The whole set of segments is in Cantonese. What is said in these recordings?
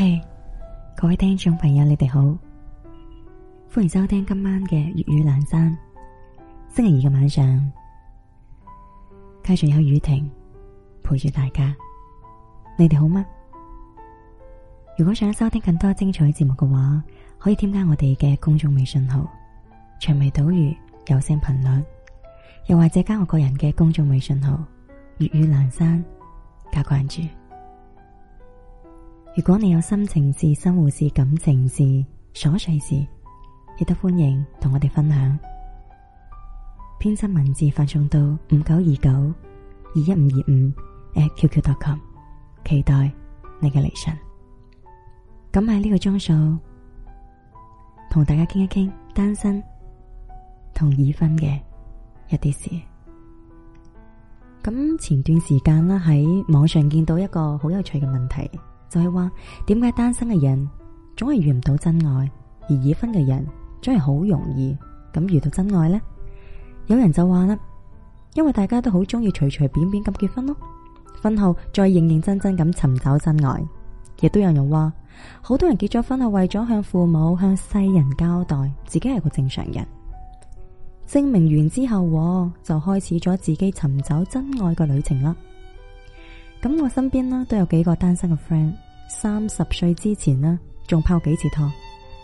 嘿，hey，各位聽眾朋友，你哋好！歡迎收聽今晚嘅粵語闌山。星期二嘅晚上，街上有雨停，陪住大家。你哋好嗎？如果想收聽更多精彩節目嘅話，可以添加我哋嘅公眾微信號“長尾島嶼有聲頻率”，又或者加我個人嘅公眾微信號“粵語闌山」。加關注。如果你有心情事、生活事、感情事、瑣碎事，亦都歡迎同我哋分享。編輯文字發送到五九二九二一五二五，@QQ.com，Q Q. Com, 期待你嘅嚟信。咁喺呢個鐘數，同大家傾一傾單身同已婚嘅一啲事。咁前段時間啦，喺網上見到一個好有趣嘅問題。就係話，點解單身嘅人總係遇唔到真愛，而已婚嘅人總係好容易咁遇到真愛呢？有人就話啦，因為大家都好中意隨隨便便咁結婚咯，婚後再認認真真咁尋找真愛。亦都有人話，好多人結咗婚係為咗向父母、向世人交代自己係個正常人，證明完之後我就開始咗自己尋找真愛嘅旅程啦。咁我身邊啦都有幾個單身嘅 friend，三十歲之前啦仲拍過幾次拖，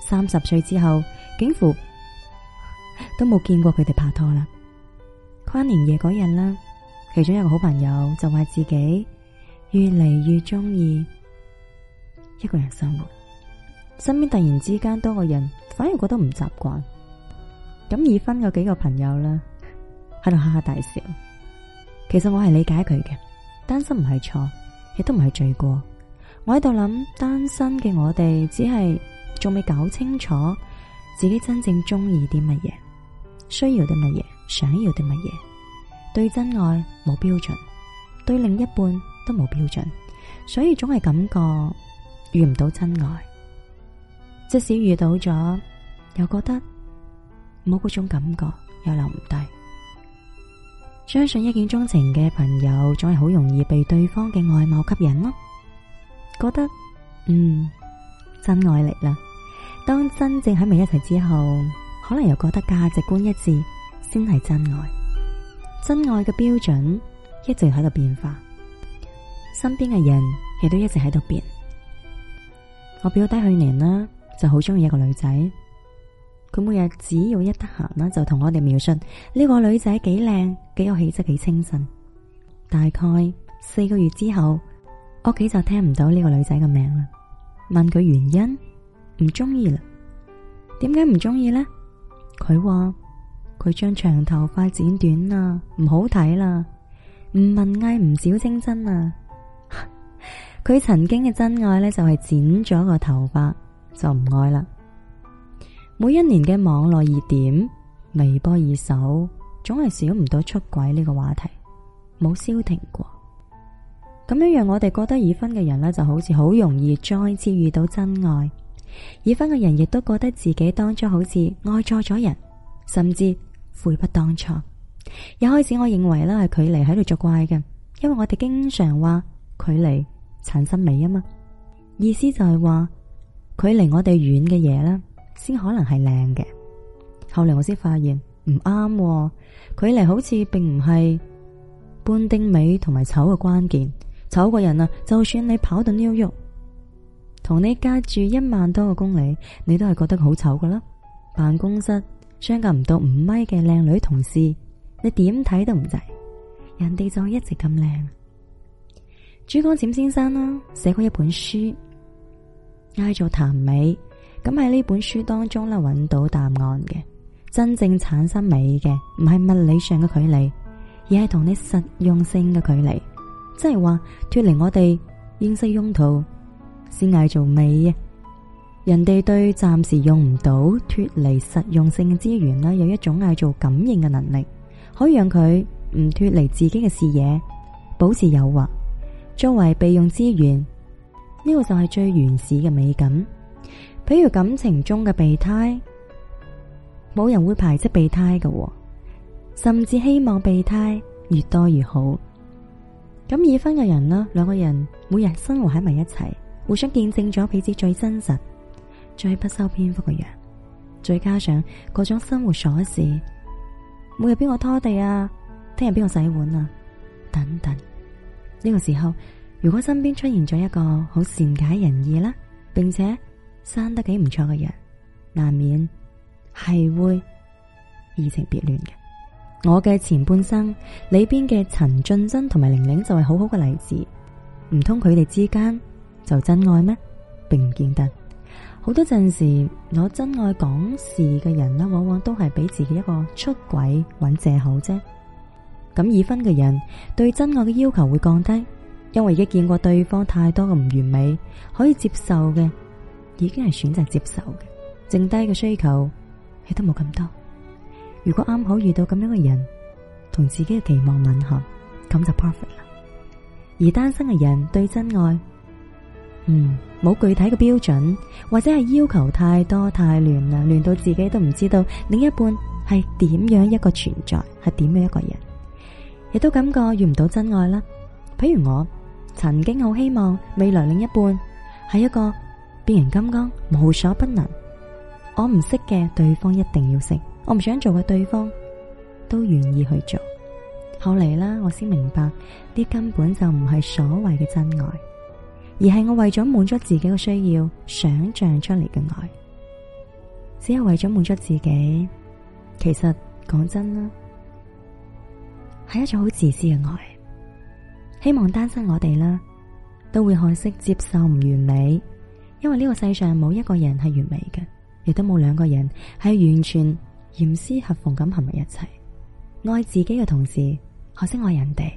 三十歲之後幾乎都冇見過佢哋拍拖啦。跨年夜嗰日啦，其中一個好朋友就話自己越嚟越中意一個人生活，身邊突然之間多個人反而覺得唔習慣。咁已婚有幾個朋友啦，喺度哈哈大笑。其實我係理解佢嘅。單身唔係錯，亦都唔係罪過。我喺度諗，單身嘅我哋只係仲未搞清楚自己真正中意啲乜嘢，需要啲乜嘢，想要啲乜嘢。對真愛冇標準，對另一半都冇標準，所以總係感覺遇唔到真愛。即使遇到咗，又覺得冇嗰種感覺，又留唔低。相信一見鍾情嘅朋友，總係好容易被對方嘅外貌吸引咯。覺得，嗯，真愛嚟啦。當真正喺埋一齊之後，可能又覺得價值觀一致，先係真愛。真愛嘅標準一直喺度變化，身邊嘅人亦都一直喺度變。我表弟去年啦，就好中意一個女仔。佢每日只要一得閒啦，就同我哋描述呢個女仔幾靚，幾有氣質，幾清新。大概四個月之後，屋企就聽唔到呢個女仔嘅名啦。問佢原因，唔中意啦。點解唔中意呢？佢話佢將長頭髮剪短啦，唔好睇啦，唔文藝，唔小清新啦。佢曾經嘅真愛咧，就係剪咗個頭髮就唔愛啦。每一年嘅網絡熱點、微博熱搜，總係少唔到出軌呢個話題，冇消停過。咁樣讓我哋覺得已婚嘅人呢，就好似好容易再次遇到真愛；已婚嘅人亦都覺得自己當初好似愛錯咗人，甚至悔不當初。一開始我認為呢係距離喺度作怪嘅，因為我哋經常話距離產生美啊嘛，意思就係話距離我哋遠嘅嘢啦。先可能係靚嘅，後來我先發現唔啱，距離、啊、好似並唔係判定美同埋醜嘅關鍵。醜個人啊，就算你跑到 New York，同你家住一萬多個公里，你都係覺得好醜噶啦。辦公室相隔唔到五米嘅靚女同事，你點睇都唔滯，人哋就一直咁靚。朱光潛先生啦、啊，寫過一本書，嗌做《談美》。咁喺呢本書當中啦，揾到答案嘅，真正產生美嘅，唔係物理上嘅距離，而係同你實用性嘅距離。即係話脫離我哋認識用途先嗌做美嘅。人哋對暫時用唔到、脫離實用性嘅資源啦，有一種嗌做感應嘅能力，可以讓佢唔脫離自己嘅視野，保持誘惑，作為備用資源。呢個就係最原始嘅美感。比如感情中嘅備胎，冇人會排斥備胎嘅，甚至希望備胎越多越好。咁已婚嘅人啦，兩個人每日生活喺埋一齊，互相見證咗彼此最真實、最不修邊幅嘅樣，再加上各種生活瑣事，每日邊個拖地啊，聽日邊個洗碗啊，等等。呢個時候，如果身邊出現咗一個好善解人意啦，並且，生得幾唔錯嘅人，難免係會移情別戀嘅。我嘅前半生裏邊嘅陳俊生同埋玲玲就係好好嘅例子，唔通佢哋之間就真愛咩？並唔見得。好多陣時，攞真愛講事嘅人啦，往往都係俾自己一個出軌揾借口啫。咁已婚嘅人對真愛嘅要求會降低，因為已經見過對方太多嘅唔完美，可以接受嘅。已經係選擇接受嘅，剩低嘅需求亦都冇咁多。如果啱好遇到咁樣嘅人，同自己嘅期望吻合，咁就 perfect 啦。而單身嘅人對真愛，嗯，冇具體嘅標準，或者係要求太多太亂啦，亂到自己都唔知道另一半係點樣一個存在，係點樣一個人，亦都感覺遇唔到真愛啦。譬如我曾經好希望未來另一半係一個。既然金剛無所不能，我唔識嘅對方一定要識，我唔想做嘅對方都願意去做。後嚟啦，我先明白呢根本就唔係所謂嘅真愛，而係我為咗滿足自己嘅需要想象出嚟嘅愛，只係為咗滿足自己。其實講真啦，係一種好自私嘅愛。希望單身我哋啦，都會學識接受唔完美。因為呢個世上冇一個人係完美嘅，亦都冇兩個人係完全嚴絲合縫咁行埋一齊。愛自己嘅同時，學識愛人哋，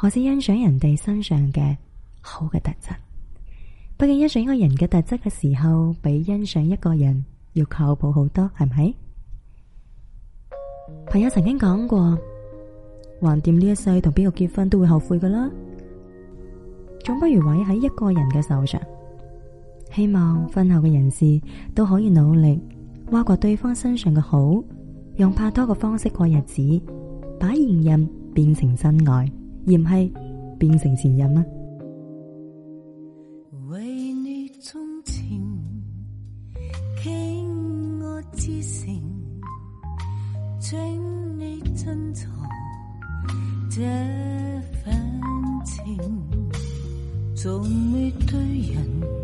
學識欣賞人哋身上嘅好嘅特質。畢竟欣賞一個人嘅特質嘅時候，比欣賞一個人要靠譜好多，係咪？朋友曾經講過，橫掂，呢一世同邊個結婚都會後悔噶啦，總不如毀喺一個人嘅手上。希望婚後嘅人士都可以努力挖掘對方身上嘅好，用拍拖嘅方式過日子，把現任變成真愛，嫌棄變成前任啊！為你鍾情，傾我之誠，請你珍藏這份情，從未對人。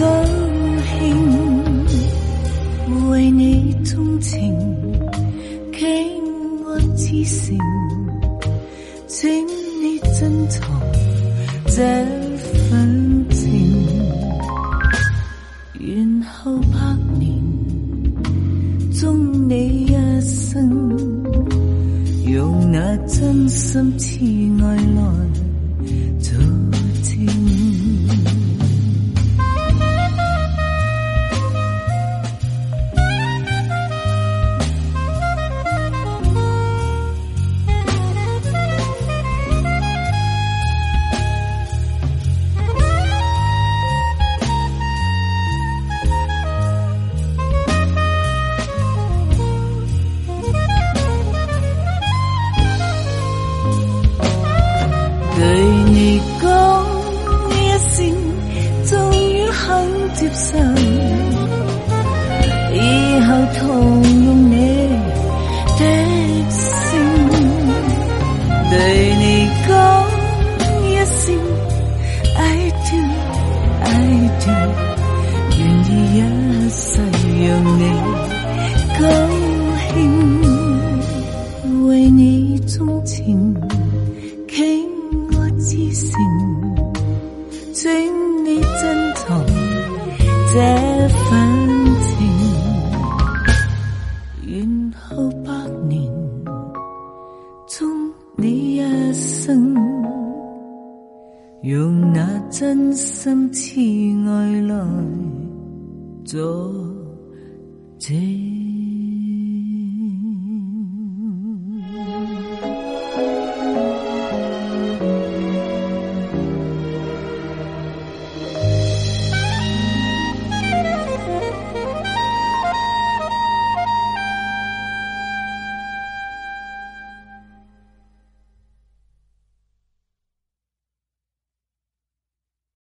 高興為你鍾情傾愛痴情，請你珍藏這份情，然後百年終你一生，用那真心痴愛來。以後同用你的姓，對你講一聲 I do, I do.